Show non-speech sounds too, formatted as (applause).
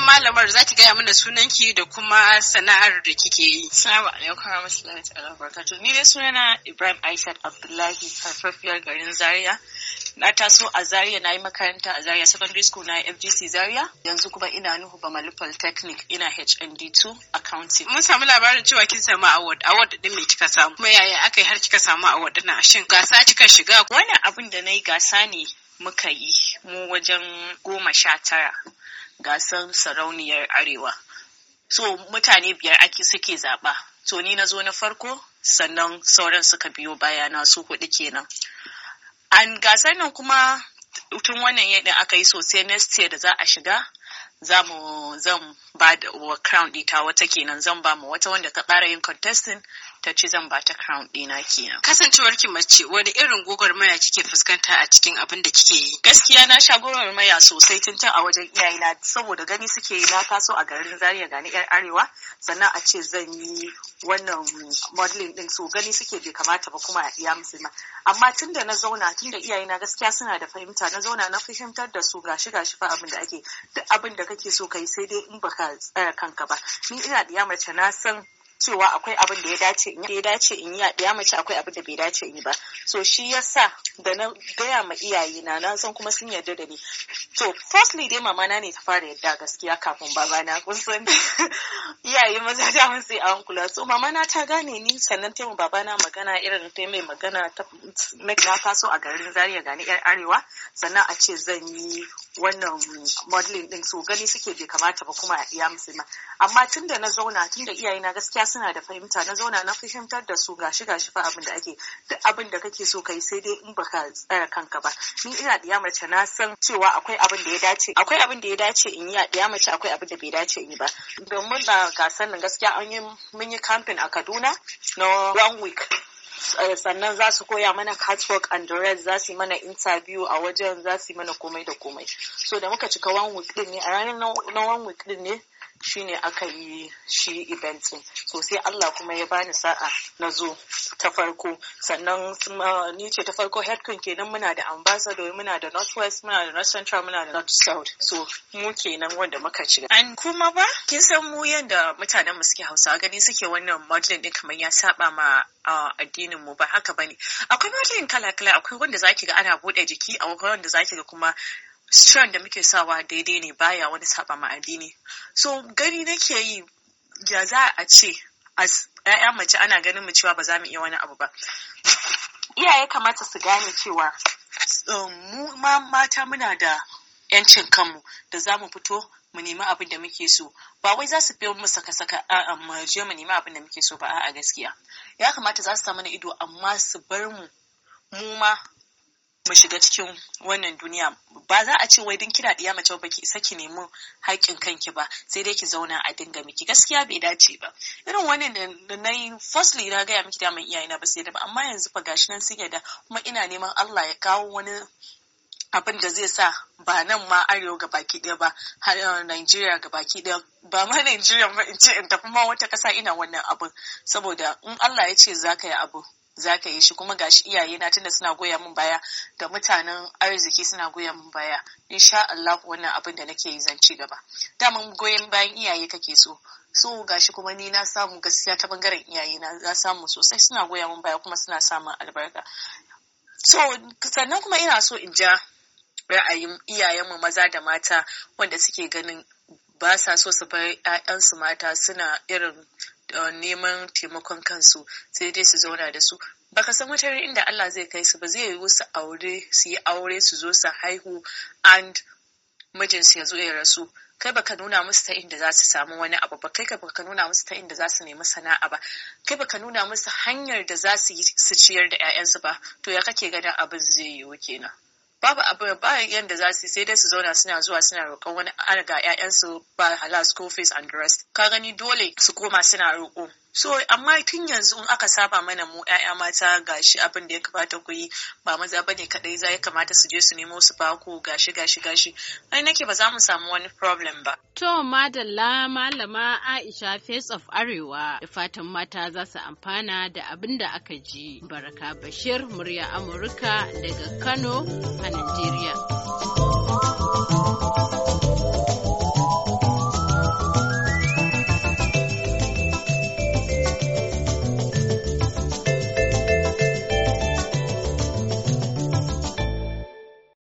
sunan malamar za ki gaya mana sunan ki da kuma sana'ar da kike yi. Salamu alaikum a ta'ala barakatuh. Ni dai sunana Ibrahim Aishat Abdullahi haifafiyar garin Zaria. Na taso a Zaria na yi makaranta a Zaria Secondary School na FGC Zaria. Yanzu kuma ina Nuhu Ba Bamalu technic ina HND2 Accounting. Mun samu labarin cewa kin samu award. Award din me kika samu? Kuma yaya aka yi har kika samu award din a shin gasa kika shiga? Wannan abin da na yi gasa ne muka yi mu wajen goma sha tara gasar sarauniyar arewa so mutane biyar ake suke zaɓa to ni na zo na farko sannan sauran suka biyo baya na su hudu kenan an gasar nan kuma tun wannan yadda aka yi sosai next year da za a shiga za mu zan ba da wa crown dita wata kenan zan ba mu wata wanda ka ƙara yin contesting ta ce zan bata crown ɗina kenan. Kasancewar ki mace wani irin gogar maya kike fuskanta a cikin abin da kike yi? Gaskiya na sha maya sosai tun can a wajen iyayena saboda gani suke yi na taso a garin Zaria gani yar arewa sannan a ce zan yi wannan modeling ɗin so gani suke bai kamata ba kuma a iya musulma. Amma tun da na zauna tun da iyayena gaskiya suna da fahimta na zauna na fahimtar da su gashi gashi fa abin da ake duk abin da kake so kai sai dai in baka tsaya kanka ba. Ni ina da mace na san cewa akwai abin da ya dace in ya dace in yi ya mace akwai abin da bai dace in yi ba so shi yasa da na gaya ma iyaye na na san kuma sun yarda da ni to firstly dai mama na ne ta fara yarda gaskiya kafin baba na kun san (laughs) iyaye maza da mun sai an kula so mama na ta gane ni sannan ta baba na magana irin ta mai magana ta na taso a garin Zariya gani yar arewa sannan a ce zan yi wannan modeling din so gani suke bai kamata ba kuma a iya ma amma tunda na zauna tunda iyaye na gaskiya suna da fahimta na zauna na fahimtar da su gashi gashi fa abin da ake duk abin da kake so kai sai dai in baka tsaya kanka ba ni ina da mace na san cewa akwai abin da ya dace akwai abin da ya dace in yi a mace akwai abin da bai dace in yi ba domin ba gasar nan gaskiya an yi mun yi kamfen a Kaduna na one week eh, sannan za su koya mana catwalk and dress za su mana interview a wajen za su mana komai da komai so da muka cika one week din ne a ranar na one week din ne shine aka yi shi event ɗin so sai Allah kuma ya bani sa'a na zo ta farko sannan ni ce ta farko headcon kenan muna da ambassador muna da northwest muna da north central muna da north south so mu kenan wanda muka ci an kuma ba kin san mu yanda mutanen mu suke Hausa gani suke wannan modeling din kamar ya saba ma addinin mu ba haka bane akwai modeling kala kala akwai wanda zaki ga ana bude jiki akwai wanda zaki ga kuma shan da muke sawa daidai ne baya wani saba ma addini so gani nake yi ya za a ce as mace ana ganin mu cewa ba za mu iya wani abu ba iyaye kamata su gane cewa um, mu ma mata muna da yancin kanmu da za mu fito mu nemi abin da muke so ba wai za su fi mu saka saka a'a mu je mu nemi abin da muke so ba a gaskiya ya kamata za su samu na ido amma su bar mu mu ma mu shiga cikin wannan duniya ba za a ce wai din kina diya mace ba ki isa ki nemi haƙƙin kanki ba sai dai ki zauna a dinga miki gaskiya bai dace ba irin wani da na yi firstly na gaya miki daman iyayena ba sai da ba amma yanzu fa gashi nan sun yarda kuma ina neman Allah ya kawo wani abin da zai sa ba nan ma arewa ga baki ɗaya ba har eh, Najeriya ga baki ɗaya ba ma Najeriya ba in ce in tafi ma wata ƙasa ina wannan abin saboda in Allah ya ce za ka yi abu za ka yi shi kuma gashi iyaye na tunda suna goya min baya da mutanen arziki suna goya min baya insha Allah wannan abin da nake yi zan ci gaba daman goyon bayan iyaye kake so so gashi kuma ni na samu gaskiya ta bangaren iyaye na za samu sosai suna goya min baya kuma suna samun albarka so sannan kuma ina so in ja ra'ayin iyayenmu maza da mata wanda suke ganin ba sa so su bar 'ya'yansu mata suna irin Uh, neman taimakon kansu sai dai su zauna da su baka san wata inda Allah zai kai su ba zai yi wasu aure su yi aure su zo su haihu and mijinsu ya zo ya rasu kai baka nuna musu ta inda za su samu wani abu ba kai baka nuna musu ta inda za su nemi sana'a ba kai baka nuna musu hanyar da za su ciyar da 'ya'yansu ba to ya kake ganin abin zai yiwu kenan babu abu ba yanda za su sai dai su zauna suna zuwa suna roƙon wani an ga 'ya'yansu ba halal school fees and the rest ka gani dole su koma suna roƙo So, amma tun yanzu in aka saba mana mu 'ya'ya mata gashi abin da ya kamata ku yi ba maza ba ne kaɗai za ya kamata su je su nemo su ba ku gashi gashi gashi. Ai nake ba za mu samu wani problem ba. To, madalla malama Aisha Face of Arewa da fatan mata za su amfana da abin da aka ji. Baraka Bashir, murya Amurka daga Kano a Najeriya.